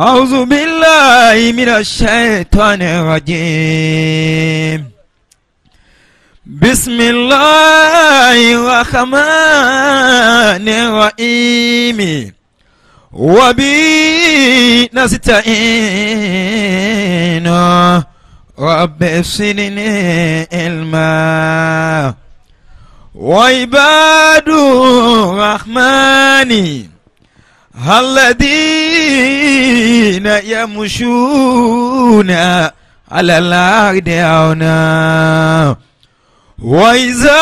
أعوذ بالله من الشيطان الرجيم بسم الله الرحمن الرحيم وبي نستعين رب افسدني علما وعباد الرحمن الذين الذين يمشون على الأرض عونا وإذا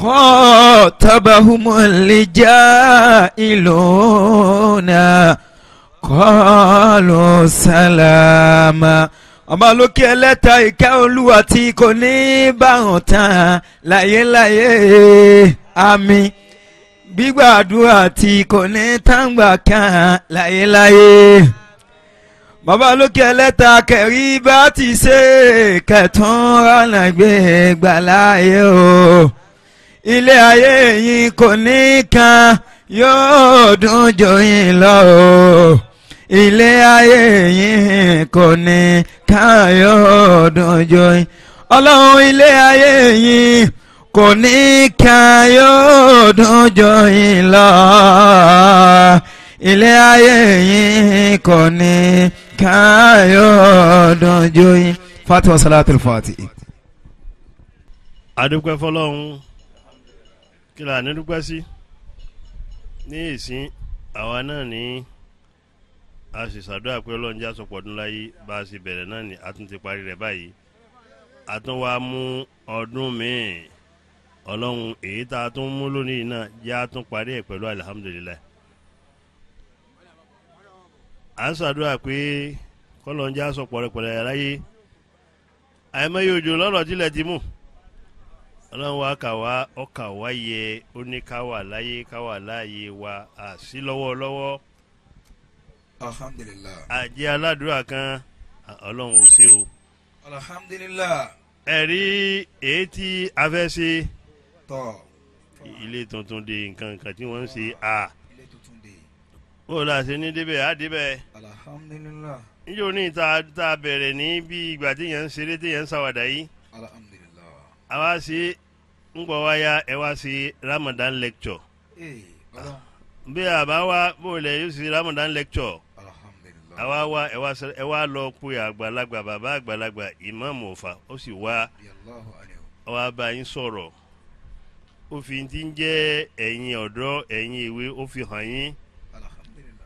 خاطبهم الجاهلون kọ́ọ̀lù sálámà ọmọlókè ẹlẹ́ta ìkẹ́ olúwa tí kò ní bá hàn tán láyéláyé àmín gbígbàdúrà tí kò ní tàǹgbà kan láyéláyé bàbá lókè ẹlẹ́ta kẹrí bá ti ṣe kẹtún rànà gbé gbàláyé o ilé ayé yìí kò ní kan yóò dùn jòyìn lọ o ilé ayé yìí kò ní kan yóò dùn jòyìn ọlọ́run ilé ayé yìí kò ní kan yóò dúnjọ yín lọ ilé ayé yín kò ní kan yóò dúnjọ yín. fatiha salatul fati. adúpẹ́ fọlọ́run kí la ní dúpẹ́ sí ní ìsín àwa náà ní a sì ṣàdúrà pé ọlọ́run já sọpọ̀ ọdún láyé bá a sì bẹ̀rẹ̀ náà ni a tún ti parí rẹ̀ báyìí a tún wá mú ọdún míì. ọlọ́run èyí tá a tún mú lónìí náà já tún parí ẹ̀ pẹ̀lú alihamudulilayi. à ń ṣàdúrà pé kọ́lọ́njá sọ pọ̀rẹ́pọ̀rẹ́ aráyé àìmọye òjò lọ́rọ̀ tilẹ̀ ti mú ọlọ́run wa kà wá ọkà wá yẹ ó ní ká wà láyé ká wà láàyè wa àsí lọ́wọ́lọ́wọ́. alhamdulilayi. àjẹ́ aládùúrà kan ọlọ́run ò ṣe o. alhamdulilayi. ẹ̀rí èyí tí a fẹ́ ṣe. ilé tuntun de nkan nǹkan tí wọn ń ṣe a bó la ṣe ní débẹ̀ débẹ̀ alhamdulillah níjó ní ta ta bẹ̀rẹ̀ ní bí ìgbà tí yẹn ń ṣeré tí yẹn ń ṣàwàdà yìí alhamdulillah àwa ṣe ń gbọ́ ẹ Ramadan lecture eh, ah, bí a bá wá bó lẹ yóò ṣe Ramadan lecture àwa wá ẹ wá lọ pé àgbàlagbà bàbá àgbàlagbà ó sì wá ó fi ti ń jẹ́ ẹ̀yin ọ̀dọ́ ẹ̀yin ìwé ó fi hàn yín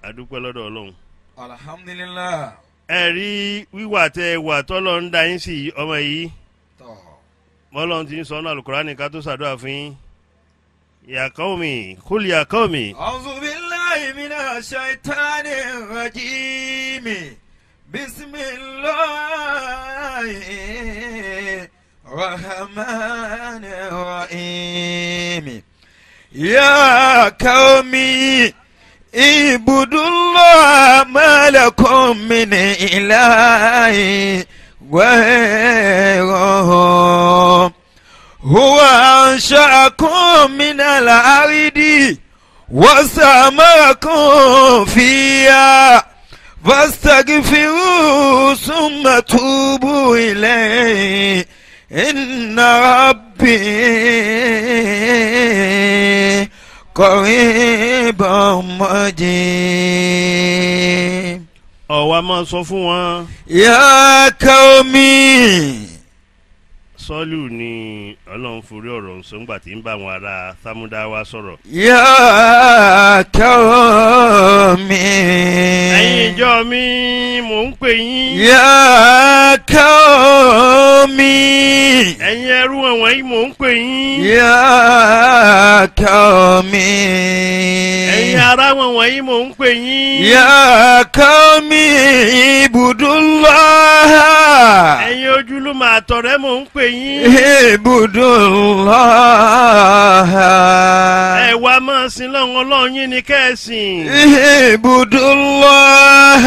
adúpẹ́ lọ́dọ̀ ọlọ́run. alhamdulilayi. ẹ rí wíwà tẹ wà tọ́lọ́ ń da yín sí ọmọ yìí mọ́lọ́n ti ń sọ ọ́nà alukurani ká tó ṣàdúrà fún yín ya qawmi kul ya qawmi. a'udhu billahi minash shaitani rajim bisimilayi. الرحمن الرحيم يا قومي اعبدوا الله ما لكم من إله غيره هو أنشأكم من الأرض وسامركم فيها فاستغفروا ثم توبوا إليه inna rabbi qaribun mujib. ọ̀wá máa sọ fún wọn. ya qaumi. sọ́ọ̀lù ni ọlọ́run forí ọ̀rọ̀ nsọ ńgbà tí ń bá àwọn ará sámúdáwá sọ̀rọ̀. yá kàó mi. ẹ̀yin ìjọ mi mò ń pè yín. yá mi. ẹ̀yin ẹrú ọ̀wọ́n yìí mò ń pè yín. yá mi. ará mò ń qaumi ibudullah. ẹ̀yin ojúlùmọ̀ àtọ̀rẹ́ mò ń pè yín. ibudullah. ẹ wá máa sin lọ́wọ́ ọlọ́run yín ni kẹ́sìn. ibudullah.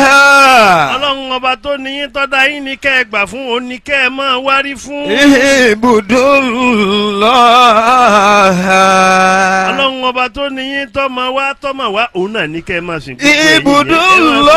ọlọ́run ọba tó ní yín tọ́da yín ni kẹ́ ẹ gbà fún òun ni kẹ́ ẹ máa wárí fún. ibudullah. ọlọ́run ọba tó ní yín tọ́mọ wá tọ́mọ wá òun náà ní kẹ́ ẹ máa sìn. ibudullah.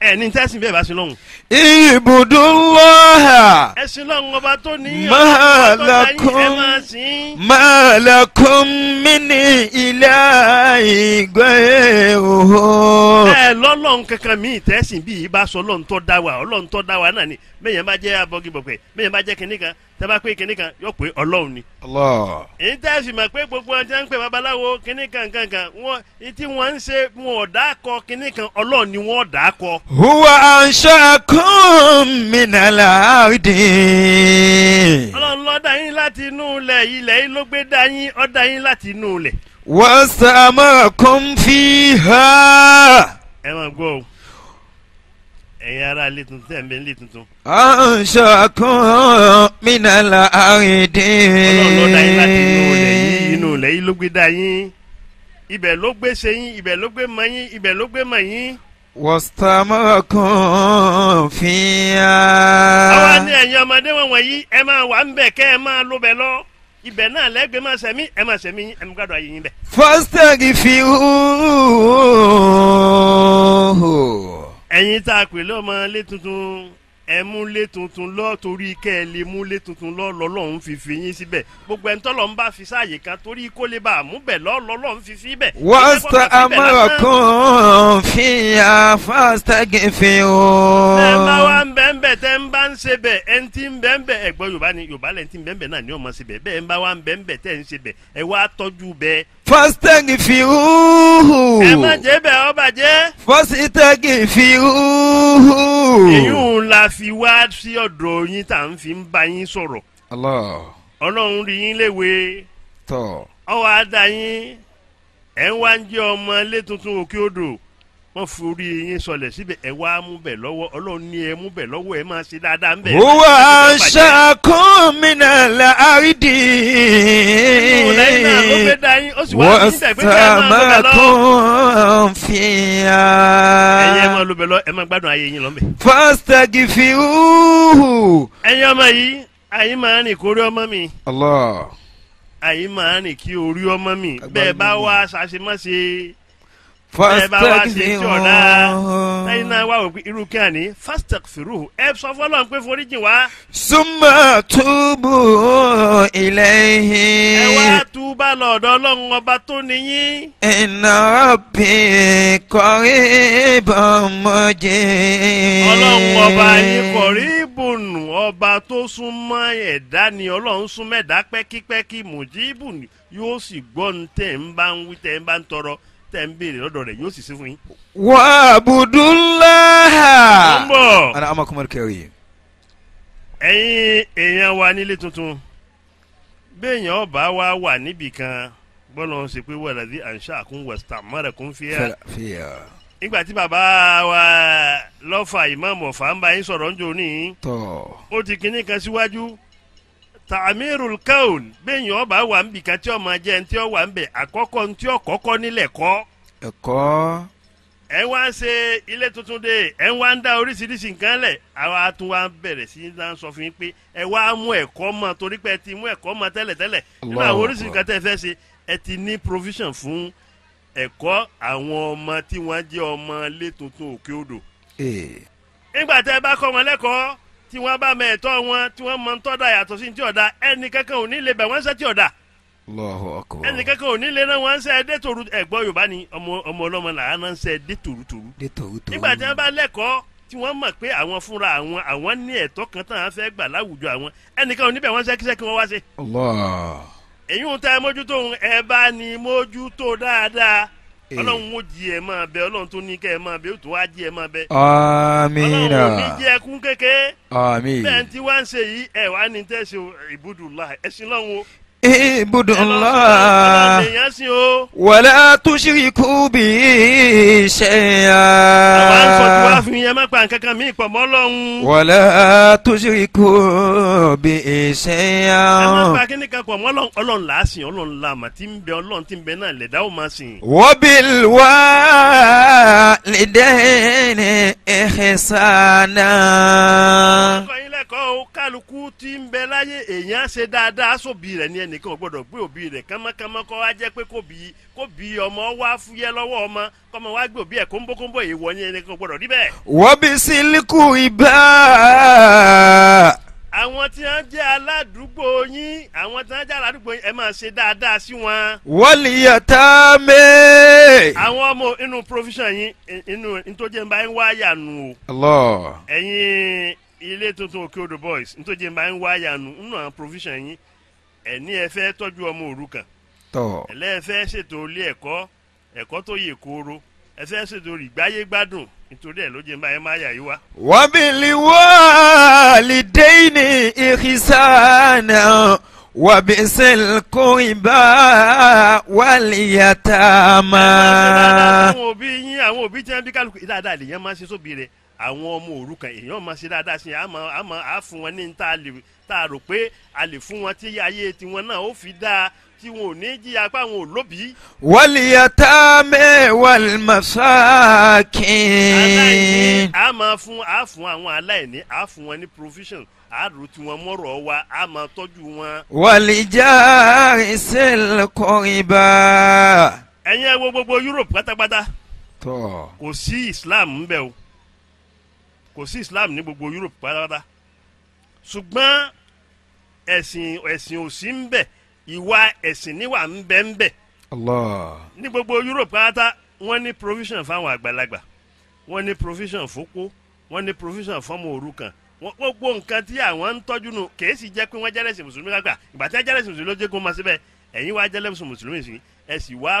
ẹni tẹ́sìn bẹ́ẹ̀ bá sin lọ́hùn. ibùdó lọ́hà. ẹ̀sìn lọ́hùn ọba tó ní ọ̀hún. màlàkùn mí ní ilé ìgbẹ́ òhò. ẹ lọ́lọ́run kankan míì tẹ́sìn bíi bá sọ ọlọ́run tó wa ọlọ́run wa náà ni mẹ́yẹn bá jẹ́ abọ́gibọ̀pẹ̀ mẹ́yẹn bá jẹ́ pé pé ọlọ́run ni. tẹ́sìn mọ̀ pé gbogbo ọjọ́ ń pè babaláwo ṣe ò kọ ni wọ́n dá kọ. huwa ọlọ́run yín láti inú ẹ máa gbọ́ o ẹ̀yin ará ilé tuntun ẹ̀ ń bẹ ilé tuntun. ọ̀ṣọ́ kan mina la ọlọ́run ló yín láti inú ilẹ̀ yìí inú ilẹ̀ yìí ló gbé dá yín ibẹ̀ ló gbé ṣe yín ibẹ̀ ló gbé mọ yín ibẹ̀ ló gbé mọ yín. wọ́sítàmọ́ kan fi hàn. àwa ni ẹ̀yin ọmọdé wọ̀nyí ẹ máa wà ń bẹ̀ kẹ́ ẹ máa lóbẹ̀ lọ ibẹ̀ náà lẹ́gbẹ̀ẹ́ máa sẹ̀mí ẹ máa sẹ̀mí ẹ mú gbàdúrà yín bẹ̀. fọ́sítẹ́ẹ̀kì fi hùwù. ẹ̀yin tá a pè lọ́mọ ilé ẹ múlé tuntun lọ torí kẹ́ ẹ lè múlé tuntun lọ lọ́lọ́run fi yín síbẹ̀ gbogbo ẹni tọ́lọ́ ń bá fi sáàyè kan torí kó lè bá a mú bẹ̀ lọ lọ́lọ́run fi fi bẹ̀. wọ́sítà amọ̀kùn fìyà fásitẹ́gì o. ẹ bá wa ń bẹ́ẹ̀ bẹ́ẹ̀ tẹ́ ń bá ń ṣe bẹ̀ ẹ ti ń bẹ́ẹ̀ bẹ́ẹ̀ ẹ gbọ́ yorùbá ni yorùbá lẹ́ ti ń bẹ́ẹ̀ bẹ́ẹ̀ náà ni ọmọ ṣe bẹ̀ bẹ́ẹ̀ ń bá wa ń bẹ́ẹ̀ bẹ́ẹ̀ tẹ́ ń ṣe bẹ̀ ẹ wá tọ́jú bẹ́ẹ̀ fọ́sítẹ́gì fi húhù. ẹ má jẹ́ bẹ́ẹ̀ ọ bàjẹ́. fọ́sítẹ́gì fi húhù. èyún la fi wá sí ọ̀dọ̀ yín tá à ń fi ń bá yín sọ̀rọ̀. ọlọ́run rí yín léwe. tọ́. ọwọ́ adá yín ẹ̀ ń wá ń jẹ́ ọmọ ilé tuntun òkè odò wọ́n forí yín sọlẹ̀ síbẹ̀ ẹ wá mú bẹ̀ lọ́wọ́ ọlọ́run ní ẹ mú bẹ̀ lọ́wọ́ ẹ máa ṣe dáadáa ń bẹ̀. wúwa ṣàkún mi náà la àrídì. wọ́n sàmà kún fìyà. ẹ̀yin ẹ máa lo bẹ̀ ẹ máa gbádùn ayé yín lọ́mẹ̀. pásítà gífì hù. ẹ̀yin ọmọ yìí àyín máa rìn kórè ọmọ mi. Allah. àyín máa rìn kí orí ọmọ mi bẹ́ẹ̀ bá wá ṣàṣemáṣe. fastagfiru ẹyin náà wà wò pé irú kí àní fastagfiru ẹ sọ fọlọ́n pé foríjì wá. súnmọ́ túbú ilayhi. ẹ wá túbà lọ́dọ̀ ọlọ́run ọba tó níyìn. iná bí kọrí ìbọn mọ́jì. ọlọ́run ọba yìí kọrí ìbùnú ọba tó súnmọ́ ẹ̀dá ni ọlọ́run súnmọ́ ẹ̀dá pẹ́kípẹ́kí mùjíbù yóò sì gbọ́ ntẹ̀ tẹ̀ ń bá ń wí tẹ̀ ń bá ń tọrọ. tẹ̀ ń béèrè lọ́dọ̀ rẹ̀ yóò sì sí fún yín. wà á budulaha. ń bọ̀. ana amakumar kẹrì. ẹ̀yin èèyàn wa nílé tuntun béèyàn ọba wa wà níbì kan bọ́lá ń ṣe pé wọ́n di àǹṣà kún west ham mọ́rẹ̀ kún fíà. fíà. nígbà tí bàbá wa lọ́fà ìmọ̀ọ́mọ̀fà ń bá yín sọ̀rọ̀ ń jò ní. tọ́. ó ti kinní kan síwájú. Si tàmírùl kaun bẹ́ẹ̀yìn ọba wà ń bì kan tí ọmọ jẹ́ ntí ọ wà ń bẹ̀ àkọ́kọ́ ntí ọ kọ́kọ́ nílẹ̀ kọ́. ẹ̀kọ́. ẹ wá ń ṣe ilé tuntun dé ẹ wá ń dá oríṣiríṣi nǹkan lẹ̀ àwa tún wá ń bẹ̀rẹ̀ sí ní láń sọ fún yín pé ẹ wá mú ẹ̀kọ́ mọ torí pé ẹ ti mú ẹ̀kọ́ mọ tẹ́lẹ̀tẹ́lẹ̀ nínú àwọn oríṣiríṣi nǹkan tẹ́ fẹ́ ṣe ẹ ti ní provision fún ẹ̀kọ́ àwọn ọmọ tí wọ́n jẹ́ ọmọ ilé tuntun òkè odò. Eh. nígbà tẹ́ bá kọ́ wọn lẹ́kọ̀ọ́ tí wọ́n bá mẹ́ẹ̀tọ́ wọn tí wọ́n mọ tọ́da yàtọ̀ sí ti ọ̀dà ẹnì kankan ò ní lè bẹ̀ wọ́n ṣe ti ọ̀dà. ẹnì kankan ò ní lè náà wọ́n ṣe ẹ détòrú ẹ̀gbọ́n yorùbá ni ọmọ ọlọ́mọ làá náà ń ṣe détòrú tòrú. nígbà tí wọ́n bá lẹ́kọ̀ọ́ tí wọ́n mọ̀ pé àwọn fúnra àwọn àwọn ní ẹ̀tọ́ kan tán án fẹ́ gbà láwùjọ àwọn ẹnì kan ò ní bẹ̀ Eh. ọlọ́run ó jí ẹ máa bẹ ọlọ́run tó ní kẹ́ ẹ máa bẹ ó wá jí ẹ máa bẹ. àmín náà ní jẹ́ ẹkún kékeré. àmín bẹ́ẹ̀ wá ń ṣe yìí ẹ̀ wá ní tẹ́sí ìbúdùlá ẹ̀sìn lọ́hùn o ibudunla wàlẹ́ tuṣirikú bí ṣẹ́yà. àwọn aṣọ tí wàá fi yẹn má pa nǹkan kan mí pọ̀ mọ́ lọ́hùn. wàlẹ́ tuṣirikú bí ṣẹ́yà. ẹ má pa kíní kan pọ̀ mọ́ lọ́hùn ọlọ́run là á sìn ọlọ́run là mà tí ń bẹ ọlọ́run tí ń bẹ náà lẹ̀dá ó máa sìn. wọ́bìl wá lìdẹ́ni ẹ̀hẹ́sánà. ọkọ̀ yín lẹ́kọ̀ọ́ kálukú tí ń bẹ láyé èèyàn ṣe dáadáa sóbì rẹ̀ ní ẹni ẹnìkan ò gbọdọ̀ gbé òbí rẹ̀ kánmọ́kánmọ́ kọ́ wá jẹ́ pé kò bí kò bí ọmọ wá fúyẹ́ lọ́wọ́ ọmọ kọ́mọ wá gbé òbí ẹ̀ kóńbókóńbó èyí wọ̀nyí ẹnìkan ò gbọdọ̀ rí bẹ́ẹ̀. wọ́n bí sílíkù ibà. àwọn tí wọ́n jẹ́ aládùúgbò yín àwọn tí wọ́n jẹ́ aládùúgbò yín ẹ máa ṣe dáadáa sí wọn. wọ́lì yàtá mẹ́. àwọn ọmọ inú provision yín inú ntọ́jẹ́ bá yín wáyà nù o. ẹ̀yin ilé tuntun òkè odò boys ntọ́jẹ́ ń bá yín wáyà nù nínú àwọn provision yín ẹ ní ẹ fẹ́ tọ́jú ọmọ òrukàn ẹlẹ́ ẹ fẹ́ ṣètò ilé ẹ̀kọ́ ẹ̀kọ́ tó yè kooro ẹ fẹ́ ṣètò ìgbáyé gbádùn nítorí ẹ̀ ló jẹ́ báyẹn máa yà yí wa. wọ́n bí lè wá lìdẹ́yìnì ìhìsánà wà bí sẹ́lẹ̀kọ́ ìbá wà lè máa. àwọn òbí yín àwọn òbí tí wọ́n bí kálukú dáadáa lèèyàn máa ṣe sóbì rẹ̀ àwọn ọmọ òrukàn èèyàn máa ṣe dáadáa sí i àmọ́ àmọ́ àfún wọn ní ní tá lè tá a rò pé a lè fún wọn tí ayé tiwọn náà ó fi dáa tí wọn ò ní jìyà pé àwọn ò lóbìí. wàlíyàtàmẹ́ wàlmàsákìn. aláìní a máa fún a fún àwọn aláìní a fún wọn ní provision àrùn tí wọn mọ̀rọ̀ wa a máa tọ́jú wọn. wàlíjà ìṣẹ̀lẹ̀ ẹ̀yin ẹ gbogbo Europe pátápátá. tọ́ kò sí Islam ń bẹ̀ o kò sí Islam ní gbogbo Europe pátápátá ṣùgbọ́n ẹ̀sìn ẹ̀sìn òsì ń bẹ ìwà ẹ̀sìn níwà ń bẹ ń bẹ. Allah. ní gbogbo Europe pátá wọ́n ní provision fáwọn àgbàlagbà wọ́n ní provision fókó wọ́n ní provision fọ́mọ òrukàn wọ́n gbogbo nǹkan tí àwọn ń tọ́jú nù kèé sì jẹ́ pé wọ́n jẹ́rẹ̀sìn mùsùlùmí kágbà ìgbà tí wọ́n jẹ́rẹ̀sìn mùsùlùmí ló jẹ́ máa síbẹ̀ ẹ̀yin wá jẹ́rẹ̀sìn mùsùlùmí sí ẹ sì wá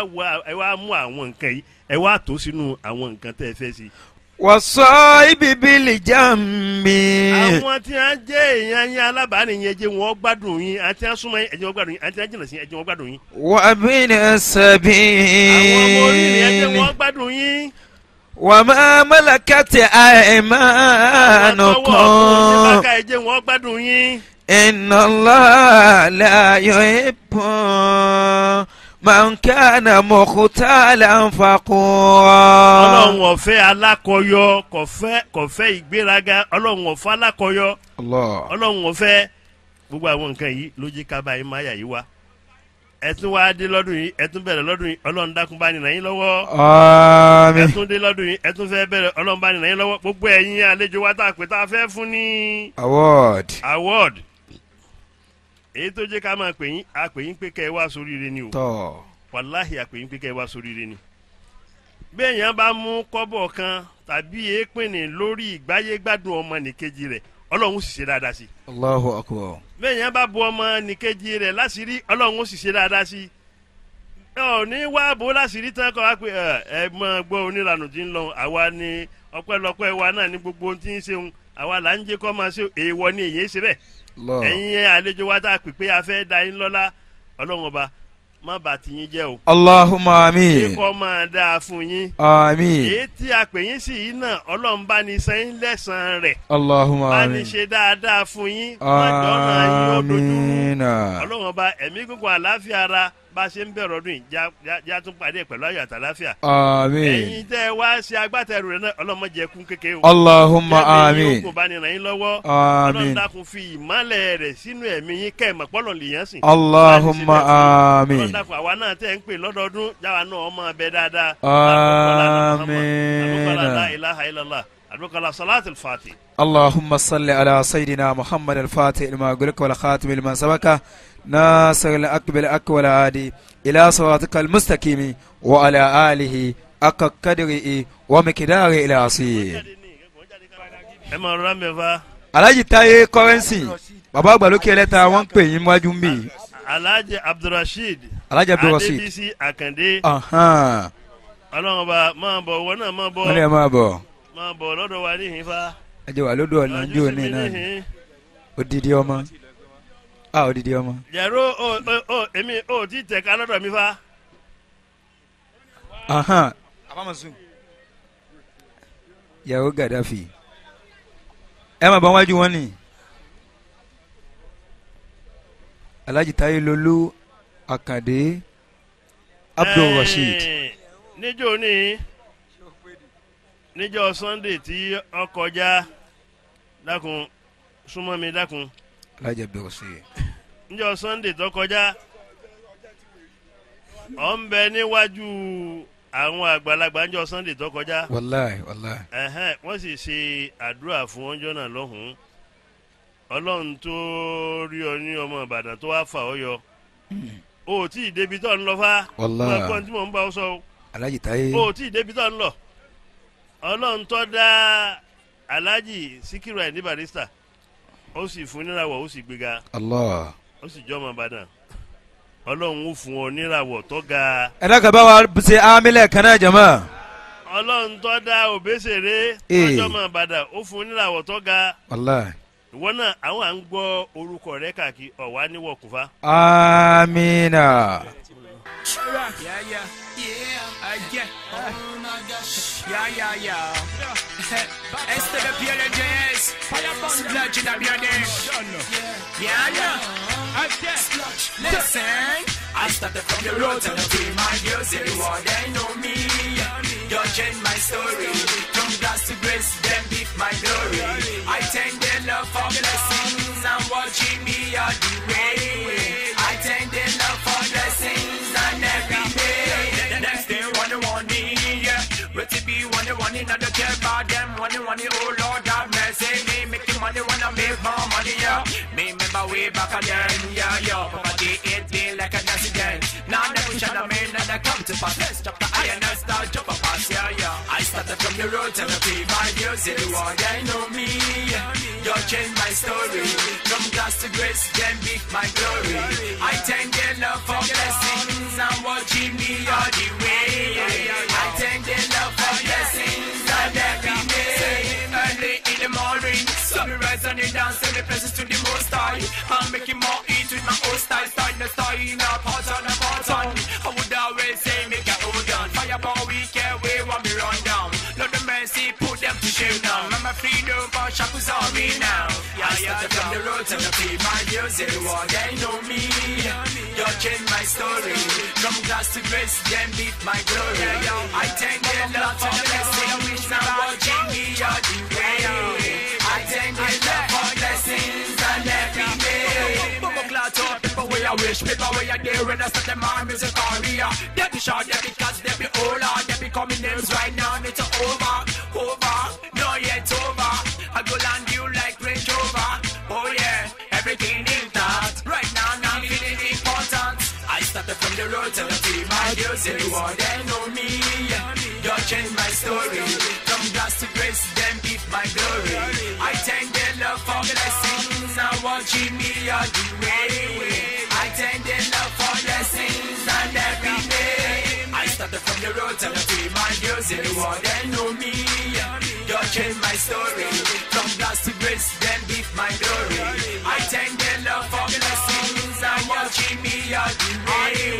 mú àwọn nǹkan yìí ẹ wá tó sínú àwọn nǹkan tẹ́ ẹ fẹ́ sí wọ́sọ ibi bílì já mi. àwọn tí wọ́n jẹ́ èèyàn yín alábàárìn yẹn jẹ́ wọ́n gbádùn yín àti wọ́n súnmọ́ yín ẹ̀jẹ̀ wọ́n gbádùn yín àti wọ́n jìnnà sí ẹ̀jẹ̀ wọ́n gbádùn yín. wà mí ní sẹ́bí. àwọn ọmọ orí ni ẹ̀jẹ̀ wọ́n gbádùn yín. wà má mọ́lákàtì àìmánù kan. àwọn tọwọ́ ọ̀tún ti bá ká ẹ̀jẹ̀ wọ́n gbádùn yín. iná lọ́ọ̀lá yóò man kana mukhtala na ọlọ́run ò fẹ́ alákọ̀yọ kò fẹ́ kò fẹ́ ìgbéraga ọlọ́run ò fẹ́ gbogbo àwọn nǹkan yìí ló jẹ́ ká báyìí máyà yìí wa. ẹtún wá dé lọ́dún yìí ẹtún bẹ̀rẹ̀ lọ́dún yìí dákun gbogbo wa èyí tó jẹ́ ká máa pè yín a yín pé ni o tọ́ wàláhì a yín pé ni. bá mú kọ́bọ̀ kan tàbí èépìnì lórí ìgbáyégbádùn ọmọ nìkejì rẹ̀ ọlọ́run sì ṣe dáadáa sí. bu ọmọ nìkejì rẹ̀ láṣìírí ọlọ́run sì ṣe dáadáa sí. wá bó tán kọ́ wá pé ẹ mọ gbọ́ tí ń lọ àwa ni ọpẹ́lọpẹ́ wa náà ní gbogbo ohun tí ẹ̀yin àlejò wa tá a pè pé a fẹ́ da yín lọ́lá ọlọ́run ti yín jẹ́ o. Allahumma àmín. kíkọ́ máa a fún yín. àmín. èyí tí a pè yín sí yìí náà ọlọ́run bá ní lẹ́sàn-án rẹ̀. Allahumma àmín. bá ní ṣe dáadáa fún yín. bá ṣe ń bẹ̀rẹ̀ ọdún yìí já tún pàdé pẹ̀lú ayọ̀ àtàláfíà. àmín. ẹ̀yin tẹ́ wá ṣe agbátẹrù rẹ̀ náà ọlọ́mọdé kékeré o. Allahumma àmín. jẹ́bi yóò kó bá ràn yín lọ́wọ́. àmín. ọlọ́run dákun fi ìmọ̀lẹ̀ rẹ̀ sínú ẹ̀mí yín kẹ́ẹ̀mọ̀ pọ́lọ̀ lìyàn sìn. Allahumma àmín. ọlọ́run dákun àwa náà tẹ́ ń pè lọ́dọọdún jáwa náà ọmọ abẹ dáadáa. àmín. أدعوك ناصر الأكب الأكوى العادي إلى صراطك المستقيم وعلى آله أقى قدره ومقداره إلى عصير Alhaji Taye Currency bàbá àgbàlókè ẹlẹ́ta wọ́n ń pè wájú ń Alhaji Abdulrasheed Alhaji Abdulrasheed Adebisi Akande. Ọlọ́run máa bọ̀ wọ́n náà máa bọ̀. Wọ́n lè máa bọ̀. Máa bọ̀ lọ́dọ̀ wa níhìn fa. Ajẹ́wà lọ́dọ̀ ọ̀nà ìjọ ní náà ni odidi ọmọ a ò dìde ọmọ. jẹ̀rọ o o o èmi o ti tẹ̀ ká lọ́dọ̀ mi fa. àbámasùn. yàwó Gaddafi ẹ má bá wájú wọn ni Alhaji Taye Lolú Akande Abdul Rasheed. níjọ́ ni níjọ́ Sunday tí ó kọjá dákun súnmọ́ mi dákun. alájà bẹ ọ sí njọ sunday tó kọjá ọ ń bẹ níwájú àwọn àgbàlagbà njọ sunday tó kọjá. wàláì wàláì. ẹhẹn wọn sì ṣe àdúrà fún ọjọ náà lọhùnún ọlọ́run tó rí ọ ní ọmọ ìbàdàn tó wá fà ọ yọ o tí ì débi tó ń lọ fa wàláì wọn kọ́ tí mò ń bá ọ sọ o tí ì débi tó ń lọ ọlọ́run tó dá alájì síkírù ẹ̀ ní barista. ó sì fún níràwọ̀ ó sì gbéga Allah ó sì jọmọ Ìbàdàn ọlọ́run ó fún ọ níràwọ̀ tó ga. ẹ dákẹ́ bá wa ṣe amílẹ̀ kan náà jẹ̀mọ́. ọlọ́run tó dá òbésèré ọjọ́mọ Ìbàdàn ó fún níràwọ̀ tó ga. ìwọ náà àwọn à ń gbọ́ orúkọ rẹ káàkiri ọ̀wá níwọ̀ amina. Yeah, yeah. Yeah, I get. Ah. Oh yeah, yeah, yeah. Este piel en jazz. Sludge in a bionic. Sludge. Listen. I started from the road and I feel my girls everyone they know me. Don't change my story. From glass to grace, them beat my glory. I thank their love for blessings and watching me all the way. money, oh Lord have mercy. Me making money, wanna make more money, yeah. Me remember way back again, yeah, yeah. Papa day it be like an accident. Now I never on the main and I come to pass. Let's drop the iron and start jump a pass, yeah, yeah. I started from the road, tell the people music, the world they know me. You change my story. From glass to grace, then beat my glory. I thank the Lord for blessings and watching me all the way. I thank the Lord for rise and they dance and they praises to the most high. I'm making more eat with my old style, style, no style, no part on a part on. I would always say make a old gun. Fireball, we care, we want me run down. Lord the mercy, put them to shame now. Remember freedom, for shackles on me now. Yeah, I started yeah, from the road and I play my music, what they know me. change my story. From glass to grace, then beat my glory. I thank the Lord for blessing. Now watching me, are a wish people where you there when I start them on music career. They be short, they be cats, they be on, they be coming names right now. It's over, over, no yet over. I go land you like Range Rover. Oh yeah, everything in that. Right now, now I'm feeling important. I started from the road to the team. My girls, everyone they know me. You change my story from glass to grace. Then beat my glory. I thank the love for blessings. Now watching me all the way. and girls in the world, they know me. Don't change my story. From blast to grace, then beat my glory. I thank the Lord for blessings and watching me all the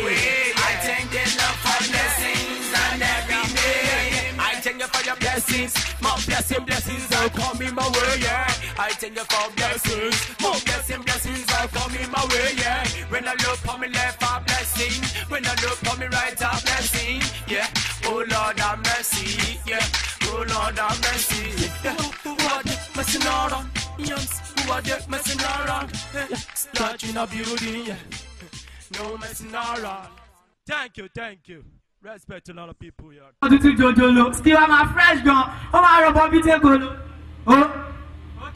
way. I thank the Lord for blessings and every day. I thank you for your blessings, more blessing, blessings are coming my way. Yeah, I thank you for blessings, more blessing, blessings are coming my way. yeah. Oh Lord have mercy. Who are they messing around? Yams, who are they messing around? Start in a building, yeah. No messing around. Thank you, thank you. Respect to a lot of people here. Ó tutù jòjòló, still I'm a fresh gan, ó máa rọ̀bọ̀ bíi Oh, Ó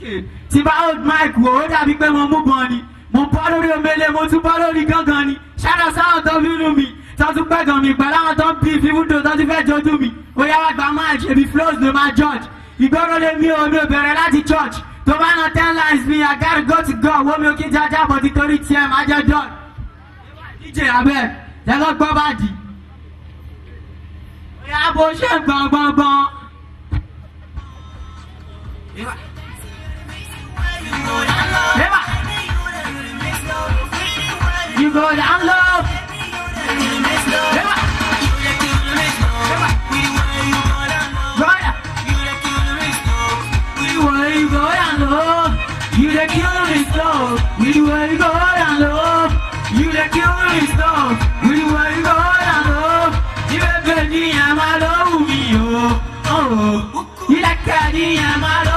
tí bá old Mike. wò ó dàbí pé mo mú gan ni, mo bọ́ lórí omele, mo tún bọ́ lórí gángan ni, ṣáná sáwọn tó bínú mi tọ́tún pẹ̀gàn mi pẹ̀lú àwọn tó ń bí fífúdò tọ́tún fẹ́ jojú mi ó yá wá gba march èmi flows ló máa judge ìgbọ́rọ̀ lé mi ò mi ò bẹ̀rẹ̀ láti church tó bá na ten lines mi I gotta go to God wo mi ò kí jájá bọ̀ nítorí tiẹ̀ máa jẹ́ dọ́n díje abẹ́ tẹ́lọ́ gbọ́ bá dì ó yá bó ṣe gbọ̀ngbọ̀ngbọ̀n. You go down. Pakistan you ikọ̀ ọ̀làdó ibẹ̀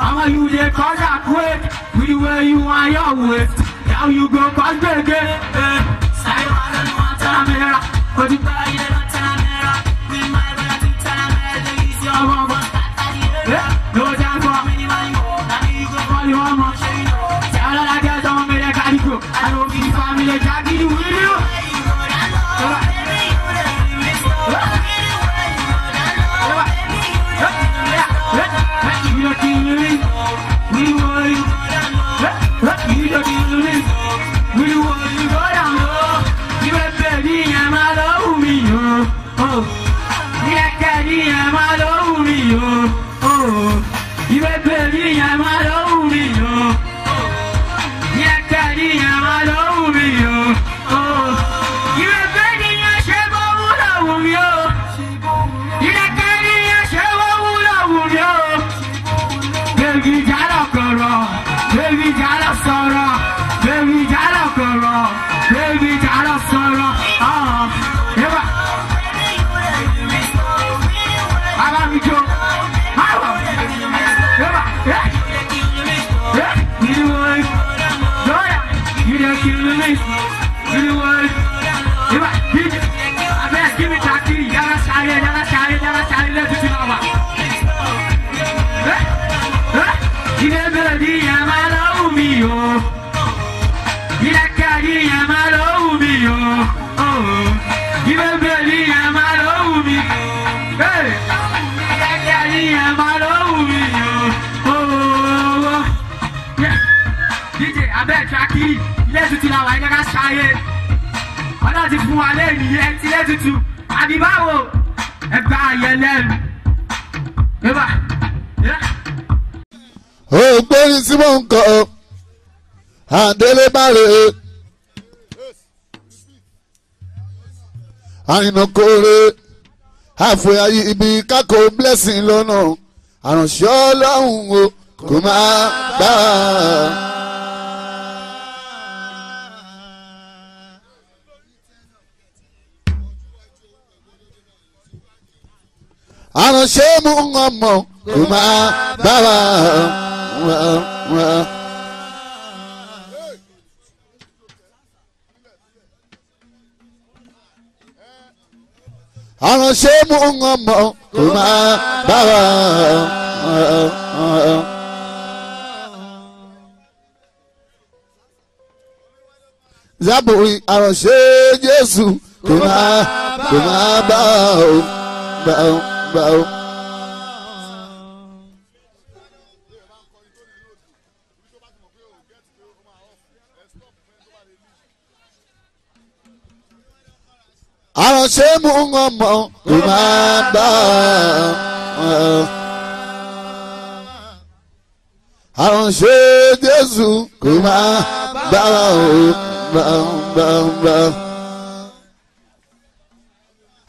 I'ma you it cause I quit. We where you on your way. Now you go cause big it. Eh. Say don't want to hear. But you buy it Maybe God. three ilé tuntun làwọn ẹgbẹ́ ká ṣayé ọ̀dọ́ ti fún wa lẹ́yìn ìyẹn ti ilé tuntun àdìbáwò ẹgbẹ́ ayẹ lẹ́nu. ògbóni tí mò ń kọ àdélé má rèé àrìnàkóore àfòyàyí ibi kákò blessing lọ́nà àránṣẹ́ ọlọ́run o kò máa gbà á. aránṣẹ́ mú ọmọ kò máa bá wa wọ́n. aránṣẹ́ mú ọmọ kò máa bá wa wọ́n. zaburi aránṣẹ́ Jésù kò máa kò máa bá wa gbà ó. àránṣẹ́ mú wọn mọ̀ kó máa bá wọn. àránṣẹ́ Jésù kó máa bá wọn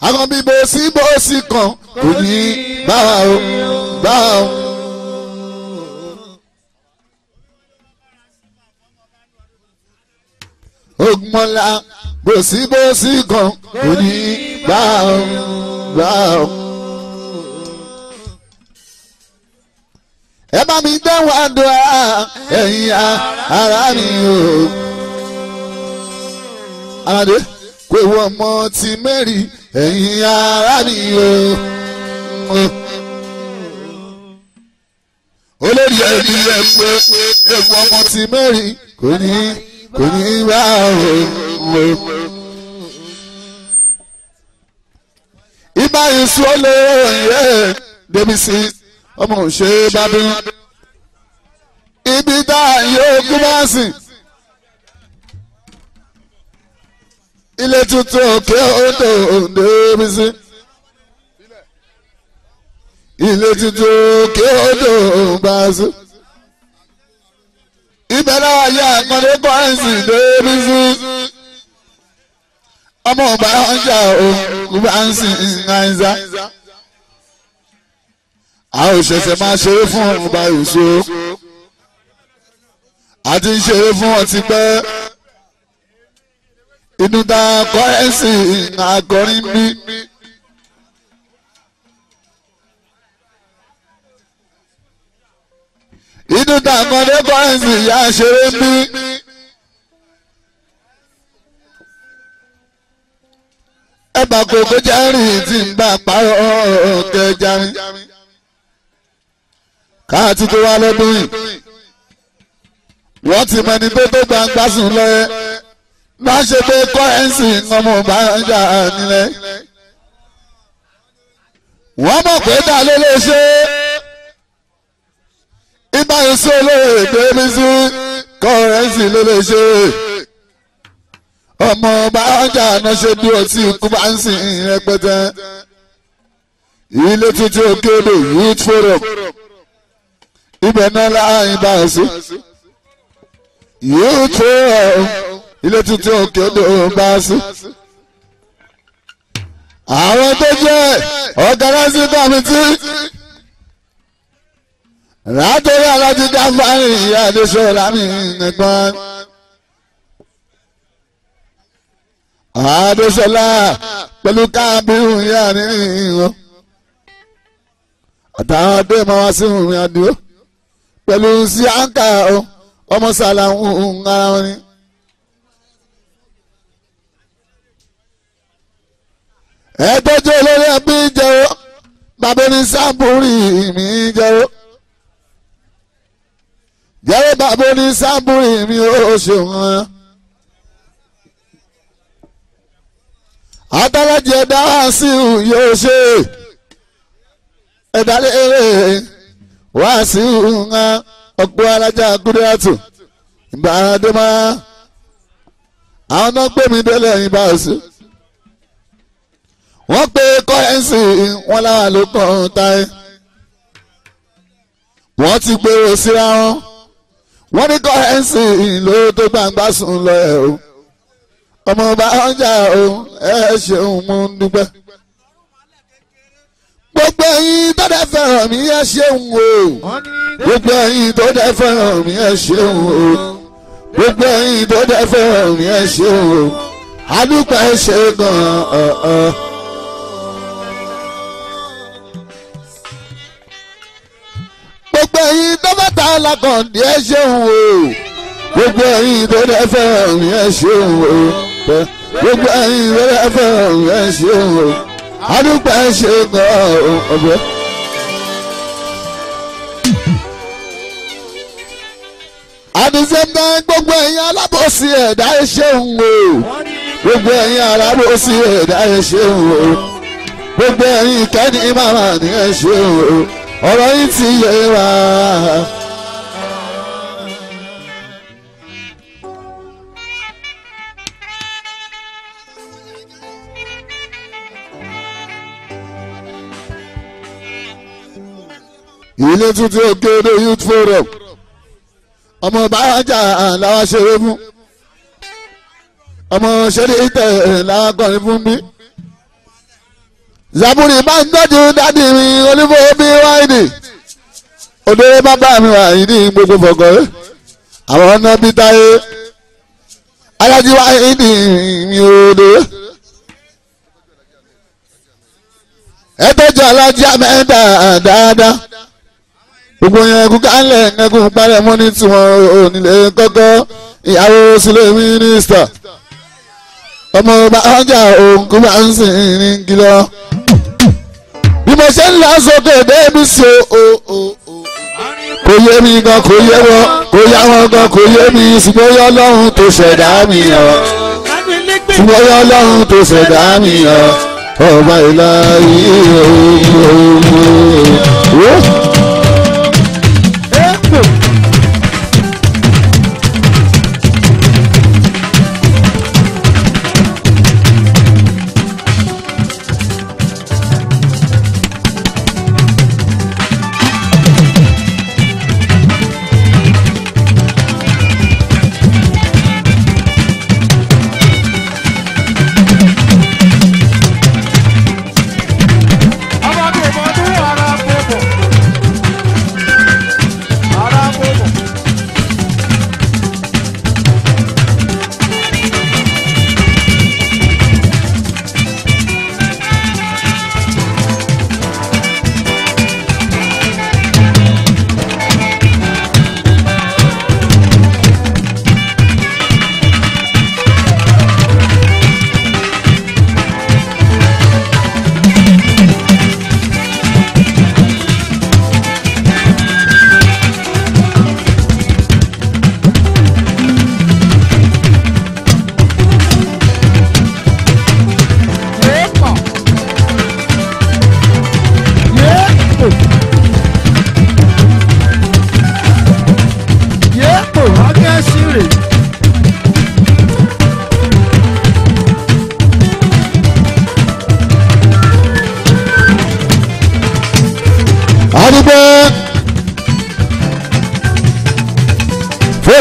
àwọn bí bó sí bó sí kan kò ní bá a o bá a o. ogunmọ́lá bó sí kan kò ní bá a o bá a o. ẹ bá mi dẹ́wọ̀n àdúrà ẹ̀yin ara mi o. alade kò wọ́n mọ́ ti mẹ́rin ẹ̀yin ará mi o. olórí ẹni ẹ pé ewu ọmọ ti mẹ́rin kò ní kò ní bá o. ibà yìí sún ó lé ẹ̀yẹ́ débi sí ọmọ òṣèré bábí ibi tá a yóò kú bá sìn. ilé tuntun òkè òǹdè òǹdè bísí. ilé tuntun òkè òǹdè òǹbàṣí. ibẹ̀ náà yẹ àkàndé pọ́ǹsì dé bísí. ọmọ ọba ọjà òun bá ń sìn ìnáyìnzá. a ò ṣẹ̀ṣẹ̀ máa ṣeré fún ọba ìṣó. a ti ń ṣeré fún ọtí pẹ́ẹ́ inú ta kọ́ ẹ̀sìn àkọrin bí. inú ta kọ́ dé kọ́ ẹ̀sìn ìyá ṣeré bí. ẹ bá kókó járì tí ń bá parọ́ ọ̀kẹ́ járì. káàtì tó wá lọ́dún yìí wọ́n ti mọ ẹni tó tó gbangba sùn lọ́yẹ́ bá ṣe dé kọ́rẹ́ǹsì ọmọ ìbárajà nílẹ̀ wọ́n mọ̀ pé ta ló lè ṣe ibà iṣẹ́ olóòrè gbèmí sí kọ́rẹ́ǹsì ló lè ṣe ọmọ ìbárajà náà ṣe bí ọtí ikú bá ń sìn rẹpẹtẹ ilé títí òkèlè youth forum ibẹ̀ náà láàyè bá a sí youth forum ilé tuntun òkè odò bá sí. àwọn tó jẹ́ ọ̀gáránsì kọ́mítì látòrí alájú dáfárì ìyá adéṣọ́lá mi nìkan. adéṣọ́lá pẹ̀lú káàbíù ìyá mi nìkan. àtàwọn adé máa wá sí ìrìn àdúró pẹ̀lú sí ọmọ sàlàwù ara wọn ni. ẹ olórí ẹbí jẹ́wọ́ bàbá sábúrì mi jẹ́wọ́ jẹ́wọ́ bàbá ní sábúrì mi ó ṣèwọ́n. atalaji ẹ̀dá wàásù yóò ṣe ẹ̀dá lérè wàásù ńlá ọ̀pọ̀ alájà kúrẹ́àtù ìbáradé máa àwọn náà mi délẹ̀ yín wọ́n pe kọ́rẹ́ǹsì wọn lára ló kàn táyé wọ́n ti gbèrò síra wọn wọ́n ní kọ́rẹ́ǹsì ló tó gbangba sùn lọ ẹ̀ o ọmọọba ọjà o ẹ ṣeun mú dúpẹ́ gbogbo ẹ̀yin tó dẹ fẹ́ràn mi ẹ ṣeun o gbogbo ẹ̀yin tó dẹ fẹ́ràn mi ẹ ṣeun o gbogbo ẹ̀yin tó dẹ fẹ́ràn mi ẹ ṣeun o adúpẹ́ ṣe gan-an. gbogbo ẹ̀yin dọ́kítà alákọ̀ọ́dì ẹ ṣeun o gbogbo ẹ̀yin tó dẹ́ fẹ́ ọ̀rìn ẹ ṣeun o gbogbo ẹ̀yin tó dẹ́ fẹ́ ọ̀rìn ẹ ṣeun o adúpẹ́ ṣe gan ọ̀bẹ. àdìsẹ́ńdá gbogbo ẹ̀yin alábòsí ẹ̀dá ẹ ṣeun o gbogbo ẹ̀yin alábòsí ẹ̀dá ẹ ṣeun o gbogbo ẹ̀yin kẹ́ni màmá ni ẹ ṣeun o ọ̀rọ̀ yìí ti yé wa. ilé tuntun òkèèrè youth forum ọmọ bàjá làwọn ṣeré fún ọmọ ṣẹlẹ ìtẹ làwọn kọrin fún bí zaburi máa ń gbọ́dọ̀ dádì mi onífowópí wáìnì òdòdó bàbá mi wà ní gbogbo fọ̀gọ́rẹ́ eh. àwọn ọ̀nà bíi táyé alájí wáìnì mi òdò. ẹ tọ́jú alájí àmẹ́ta dáadáa gbogbo yẹn kú kálẹ̀ ẹ̀kú parẹ́ mọ́ ní tiwọn ò nílé kọ́kọ́ ìyàwó sílẹ̀ mínísítà ọmọ ọba ọjà òǹkú bá ń sìn ní gílọ bí mo ṣe ń lọ sókè débi sí o kò yé mi gan kò yé wọn kò yá wọn gan kò yé mi ṣùgbọ́n yọ ọlọ́run tó ṣẹ̀dá mi o ṣùgbọ́n yọ ọlọ́run tó ṣẹ̀dá mi o ọba ìlà yìí o.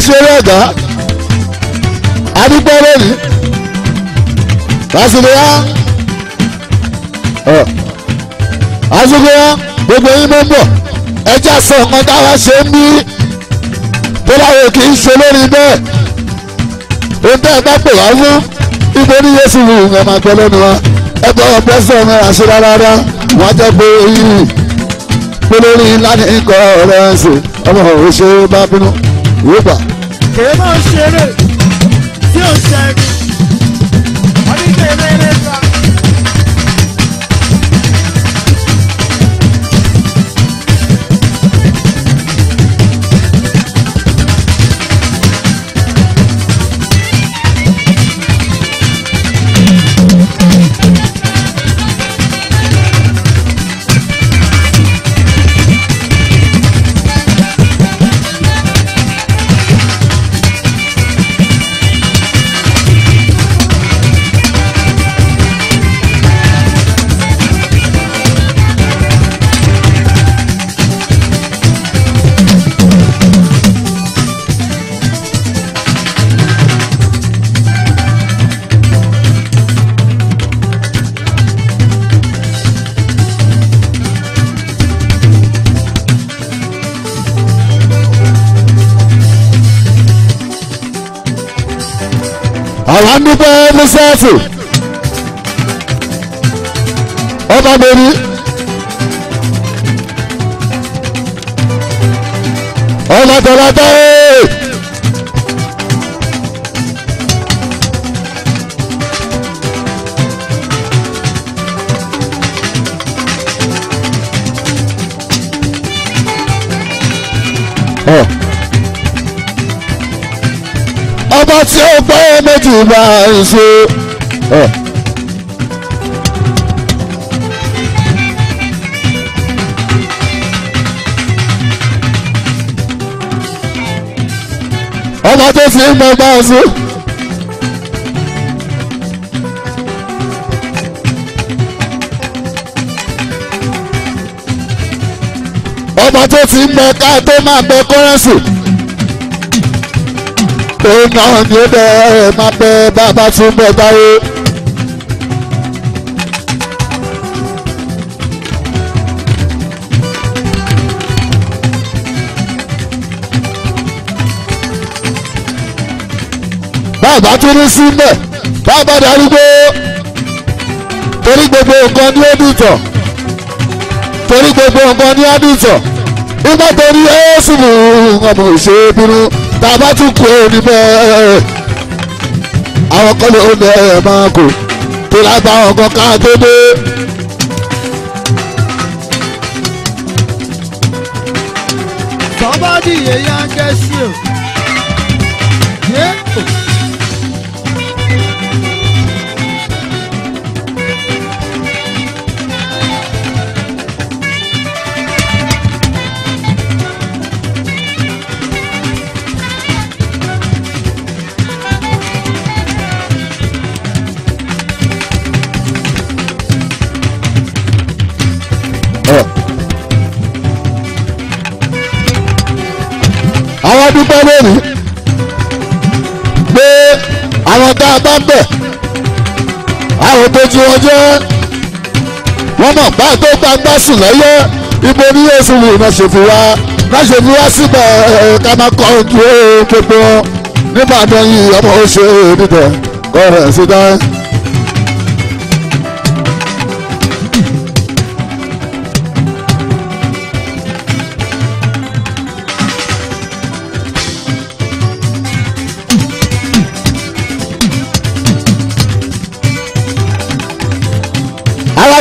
ṣeré ẹ̀dá adúgbò lónìí lásìkòyà lásìkòyà gbogbo yín ló ń bọ̀ ẹjẹ́ sọ nǹkan táwa ṣe ń bí tó láwọn kì í ṣe lórí bẹ́ẹ̀ ohun tẹ́ ẹ bá pè wá fún ibo ní yéṣu wù ẹ̀ máa pẹ́ lẹ́nu wa ẹ bá wọn pẹ́sẹ̀ ọ̀nà àṣẹ rárá wọ́n jẹ́ pé yìí pé lórí ńlá ní nǹkan ọ̀rẹ́ ẹ̀sìn ọmọ òṣèré bá bínú wípà kèé máa ń ṣeré tí ò ṣẹ́ni. àwa ń dúpẹ́ mọ́sáàfù ọba bẹ̀rù ọba tọ́lá tọ́lá. ọba tí ó gbọ́ ti bá ń ṣe. ọmọ tó fi ń gbọgbà ọsùn. ọmọ tó fi ń gbẹ ká tó máa gbẹ kọ́rẹ́sì pé náà ni ó bẹ́ẹ̀ máa bẹ́ bàbá tún bẹ́ẹ̀ báyé. bàbá tún ní sílẹ̀ bàbá darúgbó torí gbogbo nǹkan ní ọ́dútọ̀ torí gbogbo nǹkan ní ọ́dútọ̀ nígbà tó ní ẹ́ẹ́sì mú ọmọ òṣèbínú tàbá tún kú òní bẹ́ẹ̀ àwọn kan ló ń máa kò tó lábá ọkàn ká tó dé. somebody yẹn yá gẹ́sì o. dúpẹ́ lónìí pé àwọn tá a bá ń bẹ̀ àwọn tó ju ọjọ́ wọ́n mọ̀ bá a tó gbangba sùn lọ́yọ́ ibo ní oṣù wù náà ṣe fi wá náà ṣe fi wá síbẹ̀ ká máa kọ́ ojú gbogbo nígbà tó yin ọmọ oṣù níbẹ̀ kọ́ rẹ̀ sí dáhùn.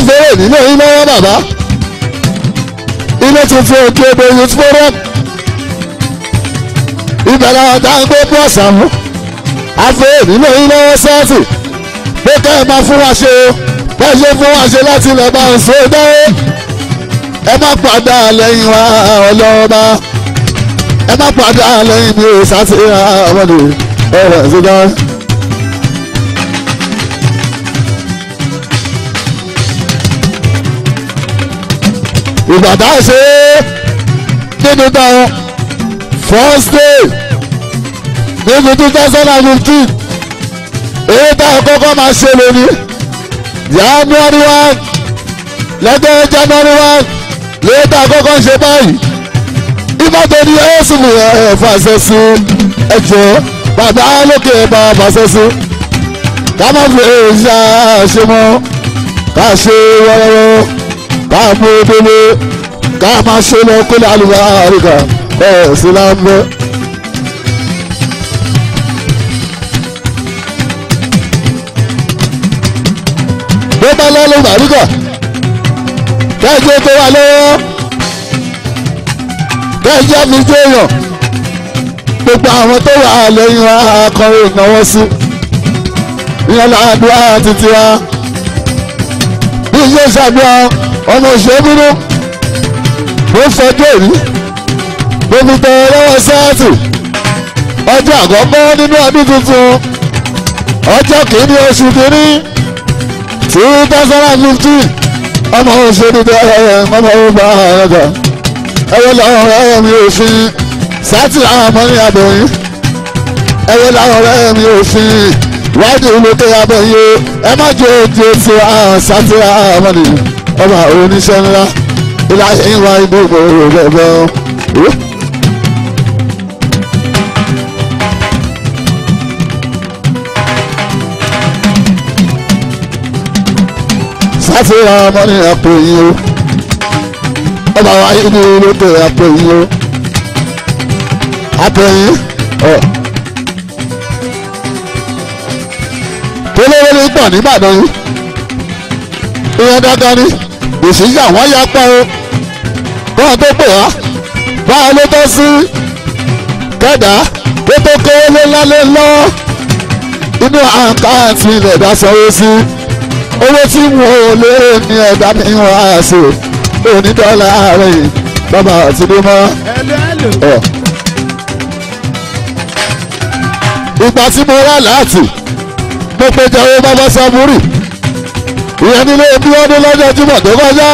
fẹ́rẹ̀ nínú yín lọ́wọ́ bàbá ilé ti fún ojú odò youth forum ìbẹ̀rẹ̀ ọ̀tá ń gbé bọ́ọ̀sì àwọn afẹ́rẹ́ nínú yín lọ́wọ́ sọ́ọ̀sì pé ká ẹ máa fún wa ṣe o bá ṣe fún wa ṣe láti lè bá ń so dáwọ́ ẹ má padà lẹ́yìn wa ọlọ́ba ẹ má padà lẹ́yìn mi ò sá sí ọmọdé ọ̀rọ̀ ìṣúná. ìgbà tá a ṣe é nínú táwọn first day nínú two thousand and fifteen èyí tá a kọ́kọ́ máa ṣe lónìí January one lọ́jọ́ January one lèyí tá a kọ́kọ́ ṣe báyìí ìmọ̀tò ni ẹ̀sùn mi ẹ̀ fàṣẹ sí ẹ̀jọ̀ bàbá lókè bá fàṣẹ sí ká má fi èyí ṣáà ṣe mọ́ ká ṣe wọ́rọ́wọ́ ká mú délé ká máa ṣe lọ kó lálùbá àríkà bẹ́ẹ̀ sí láńbẹ́. bó bá lọ́lọ́ àríkà kẹ́jọ́ tó wà lọ́wọ́ kẹ́jọ́ mi tó yàn gbogbo àwọn tó wà lẹ́yìn akọrin ìnáwó sí ìyẹn títí wa bí ṣe ṣàdúrà ọmọ ìṣòbínú ló fọjọ́ èrí ló fi tẹ lọ́wọ́ sáàtì ọjọ́ àkọ́kọ́ nínú ọdún tuntun ọjọ́ kìíní oṣù kìíní tí tásánà fifteen ọmọ òṣèlú tẹ ẹyẹ ọmọ ògbà ọjà ẹyẹ làwọn ọ̀rẹ́ mi ò fi sáàtì làwọn ọmọ ní àbẹ̀wò ẹyẹ làwọn ọ̀rẹ́ mi ò fi wáyé ìlú tó yà bọ̀ yé ẹ má jẹ́ ojú oṣù àṣàṣìrà àmọ́ni ọba oníṣẹ́ ńlá ìlàyé ìwà ìgbòho rẹ̀ bẹ́ẹ̀. sáfìrà mọ́ni ẹ̀pọ̀ yìí o ọba wáyé ìlú tó yà bọ̀ yìí o àpẹ̀yìn ọ̀. ṣe ń pọ̀ nígbàdàn yìí ìyẹn dandan ni gbèsè yà wọ́n ya pa o báwọn tó pè wá báwọn ló tọ́ sí kẹ́dà tó tó kéré lé lálé inú àǹkáàtì ilẹ̀ ẹ̀dá sanwó sí owó tí wọn ò lè ní ẹ̀dá ní wọn á ṣe onídọ́là ààrẹ yìí bàbá àti dúmọ́ ìgbà tí mo rà láti gbogbo ìjàwé bàbá Sàmúrì ìyẹn nílé bí ọdún lọ́jọ́ Jímọ̀ tó kọjá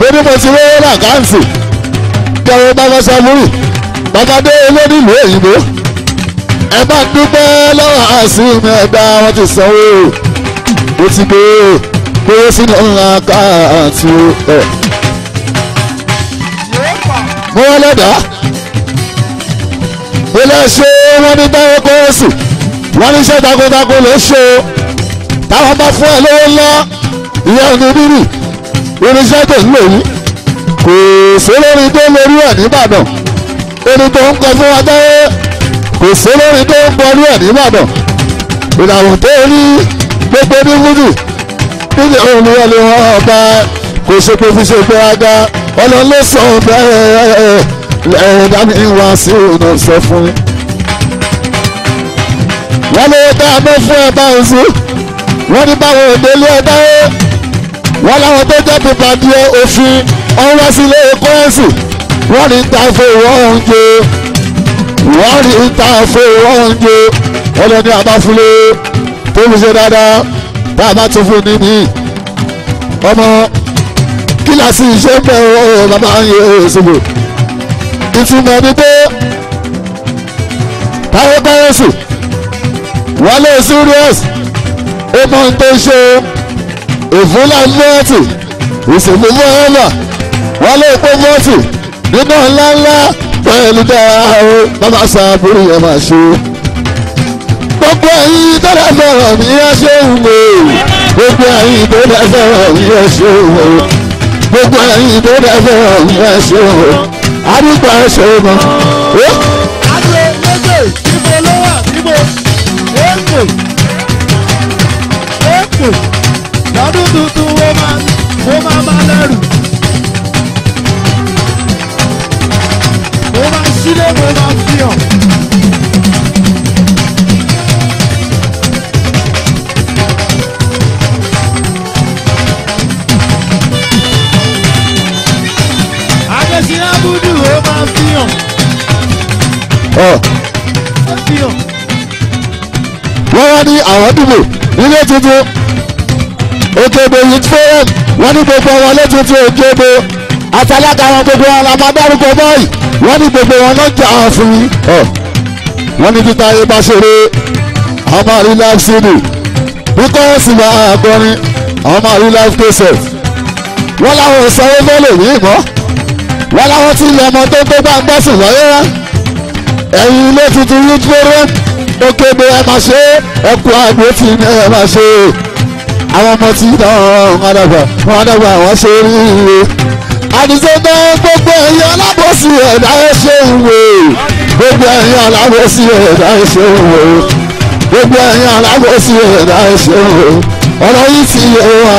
lórí mo ti wéwé rà káǹsì ìjàwé bàbá Sàmúrì bàbá dé olónílùú òyìnbó ẹ bá dúpẹ́ lọ́wọ́ àṣìmí ẹ̀dá wọn ti sanwó o ti gbé e, gbówó e sínú ńlá káàtì o. mo wọlé dá mo lè ṣe wọn ní báyọ̀ kọ́ọ̀sì wọ́n ní iṣẹ́ takuntakun ló ṣe o táwọn bá fún ẹ lówó ńlá ìyá ẹni rírì irinṣẹ́ tó ń lò yìí kò sólórin tó lórí ẹ̀ nìbàdàn ẹni tó ń kọ fún wa táyé kò sólórin tó ń kọrí ẹ̀ nìbàdàn ìlànà tó rí gbogbo ní gúdù níbi òun ni wọ́n ọba kò ṣe pé fi ṣe pé ajá ọlọ́lọ́sọ̀ọ́ bẹ́ẹ̀ ẹ̀ẹ́dá ni wàásù ló sọ fún mi wọ́n lówó tá a mọ́ fún ẹ̀bá òsì wọ́n ní báwọn òdèlé ẹ̀dá ó wọ́n láwọn tó jẹ́ pípa di òfin ọ̀hún wá sí ilé kọ́ẹ̀sì wọ́n ní ta fowó ọ̀hún jẹ wọ́n ní ta fowó ọ̀hún jẹ ọlọ́ni àbáfúlé tó fi ṣe dáadáa tá a bá tún fún ní ní ọmọ kíláàsì iṣẹ́ pẹ̀ ọ́ bàbá yẹ òṣùgbò ìtumọ̀ ni pé táwọn kọ́ẹ̀sì wálé serious ó máa ń tó ṣe ìfúnlá mọ́ọ̀tì ìsìnkú mọ́ọ̀lá wálé epo mọ́ọ̀tì nínú ńláńlá pẹ̀lú dáa o bàbá sábúrú yẹn máa ṣe. gbogbo ẹ̀yin tó dá sọ̀rọ̀ ní ẹṣẹ́ òwò gbogbo ẹ̀yin tó dá sọ̀rọ̀ ní ẹṣẹ́ òwò gbogbo ẹ̀yin tó dá sọ̀rọ̀ ní ẹṣẹ́ òwò àdúgbò ẹṣẹ́ òwò. ọdún tuntun ó máa ó máa máa lẹ́rù. mo máa sílé mo máa fi hàn. Adesina Budu ó máa fi hàn. wọ́n wá ní àwọn dùbò nílé tuntun. Òkègbè youth forum wọ́n ní gbogbo wọn ló tuntun Òkègbè àtàlágà wọn gbogbo wọn la máa dárúkọ báyìí wọ́n ní gbogbo wọn ló jà á fún yín. wọ́n ní títa ayé bá ṣeré àwọn máa rí live cd bíkọ́ọ̀sì máa kọrin àwọn máa rí live cassette. wọ́n láwọn sanwó fẹ́lẹ̀ ní ìmọ̀ wọ́n láwọn ti lọ ọmọ tó tó bá ń gbọ́sùn lọ́yẹ́ rẹ́ ẹ̀yin ilé tuntun youth forum Òkègbè ẹ̀ máa ṣe é ẹ̀kú àgbo ti ní ẹ̀ máa ṣe é àwọn ọmọ tí náà wọn dàgbà wọn dàgbà wọn ṣe rí ìwé àdìsẹ́ náà gbogbo ẹ̀yin alábòsí ẹ̀dá ẹ̀ ṣe ìwé gbogbo ẹ̀yin alábòsí ẹ̀dá ẹ̀ ṣe ìwé gbogbo ẹ̀yin alábòsí ẹ̀dá ẹ̀ ṣe ìwé ọ̀rọ̀ yìí ti yẹ wá.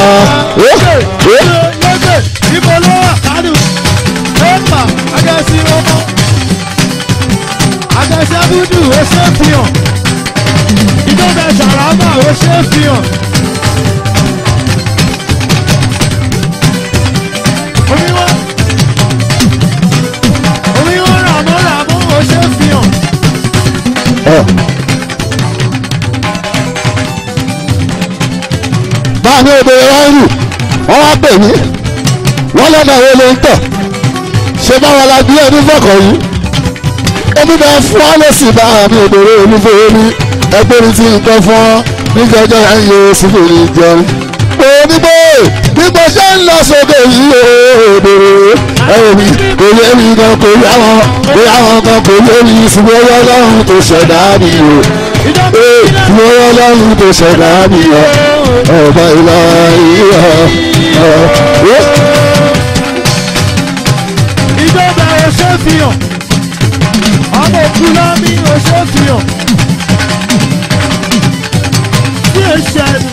ibo ló wà kánú pépà agẹ́sí ọmọ agẹ́sí abudu ó ṣe fi hàn ìjọba ìṣàlámà ó ṣe fi hàn. báàmí obìnrin wọn rù wọn wá pè mí wọn lọ́dọ̀ wo ló ń tọ̀ ṣé báwa la bí ẹni fọkàn yìí ẹni bẹ́ẹ̀ fún wa ló sì bá àmì obìnrin onífowó ní ẹgbẹ́ mi ti ń tọ́ fún ọ nígbà ọjọ́ yẹn yóò sì lè jẹun kò ní pé bí mo ṣe ń lọ sókè yìí òde ẹ̀rọ mi kò yé mi gan kò yá wọn kò yá wọn gan kò yé mi ṣùgbọ́n ọlọ́run tó ṣẹ̀dá mi o ṣùgbọ́n ọlọ́run tó ṣẹ̀dá mi o ọba ìlà ìyá ìjọba ẹ ṣe ọmọ òkú lámì ẹ ṣe fi hàn. Yes,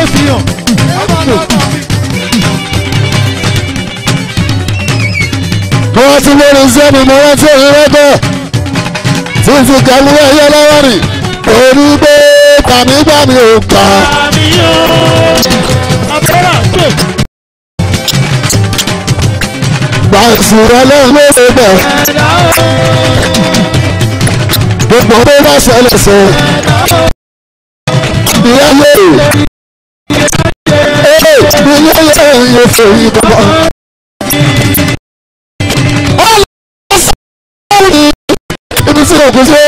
sáré fi hàn. wọ́n ti lórí sẹ́ni mo rántí èyí rẹ́gbẹ́ tí n ti kàlú ẹyẹ lọ́wọ́ rì orí gbé gbàmígbàmí ò gbà. gbàsúrẹ́ lẹ́yìn ló ṣe bẹ̀. gbogbo tó bá ṣẹlẹ̀ sọ. ìyá yóò mi